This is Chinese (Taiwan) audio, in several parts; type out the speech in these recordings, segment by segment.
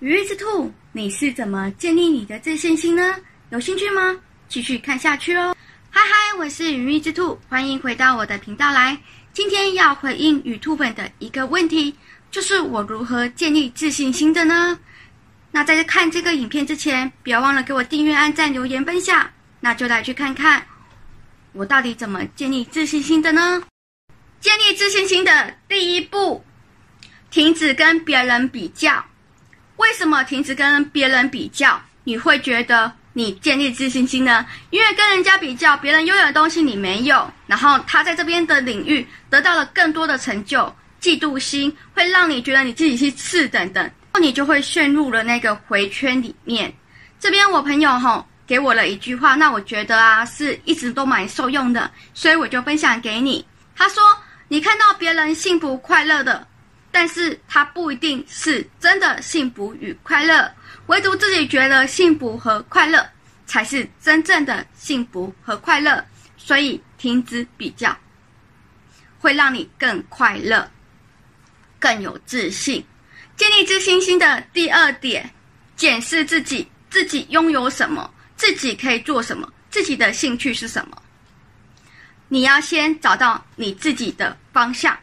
羽翼之兔，你是怎麼建立你的自信心呢？有興趣嗎？繼續看下去哦。嗨嗨，我是羽翼之兔，歡迎回到我的頻道來。今天要回應羽兔粉的一個問題，就是我如何建立自信心的呢？那在看這個影片之前，不要忘了給我訂閱、按讚、留言、分享。那就來去看看，我到底怎麼建立自信心的呢？建立自信心的第一步，停止跟別人比較。那麼停止跟別人比較，你會覺得你建立自信心呢？因為跟人家比較，別人擁有的東西你沒有，然後他在這邊的領域得到了更多的成就，嫉妒心會讓你覺得你自己是次等等，然後你就會陷入了那個回圈裡面。這邊我朋友吼、哦、給我了一句話，那我覺得啊是一直都蠻受用的，所以我就分享給你。他說：“你看到別人幸福快樂的。”但是它不一定是真的幸福與快樂，唯獨自己覺得幸福和快樂才是真正的幸福和快樂。所以停止比較，會讓你更快樂、更有自信。建立自信心的第二點，檢視自己：自己擁有什麼？自己可以做什麼？自己的興趣是什麼？你要先找到你自己的方向。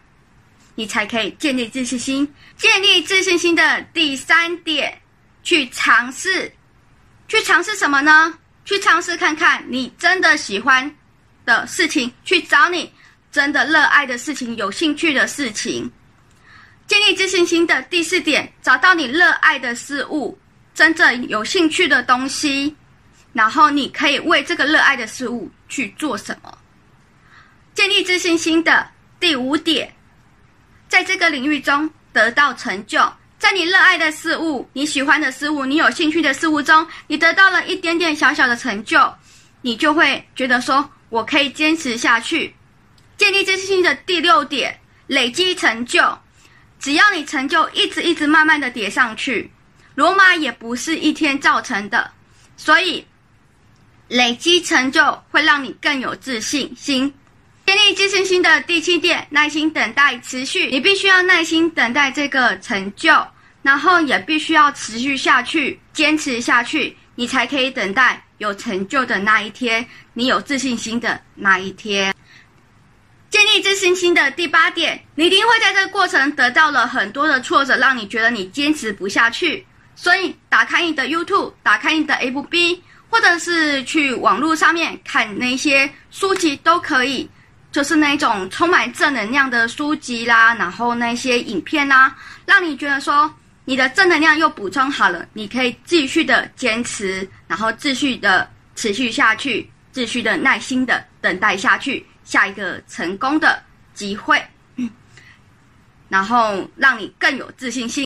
你才可以建立自信心。建立自信心的第三點，去嘗試，去嘗試什麼呢？去嘗試看看你真的喜歡的事情，去找你真的熱愛的事情、有興趣的事情。建立自信心的第四點，找到你熱愛的事物，真正有興趣的東西，然後你可以為這個熱愛的事物去做什麼。建立自信心的第五點。在這個領域中得到成就，在你熱愛的事物、你喜歡的事物、你有興趣的事物中，你得到了一點點小小的成就，你就會覺得說：“我可以堅持下去。”建立自信心的第六點，累積成就。只要你成就一直一直慢慢的疊上去，羅馬也不是一天造成的，所以累積成就會讓你更有自信心。建立自信心的第七點，耐心等待，持續。你必須要耐心等待這個成就，然後也必須要持續下去，堅持下去，你才可以等待有成就的那一天，你有自信心的那一天。建立自信心的第八點，你一定會在這個過程得到了很多的挫折，讓你覺得你堅持不下去。所以，打開你的 YouTube，打開你的 FB，或者是去網絡上面看那些書籍都可以。就是那種充滿正能量的書籍啦，然後那些影片啦，讓你覺得說你的正能量又補充好了，你可以繼續的堅持，然後繼續的持續下去，繼續的耐心的等待下去，下一個成功的機會，然後讓你更有自信心。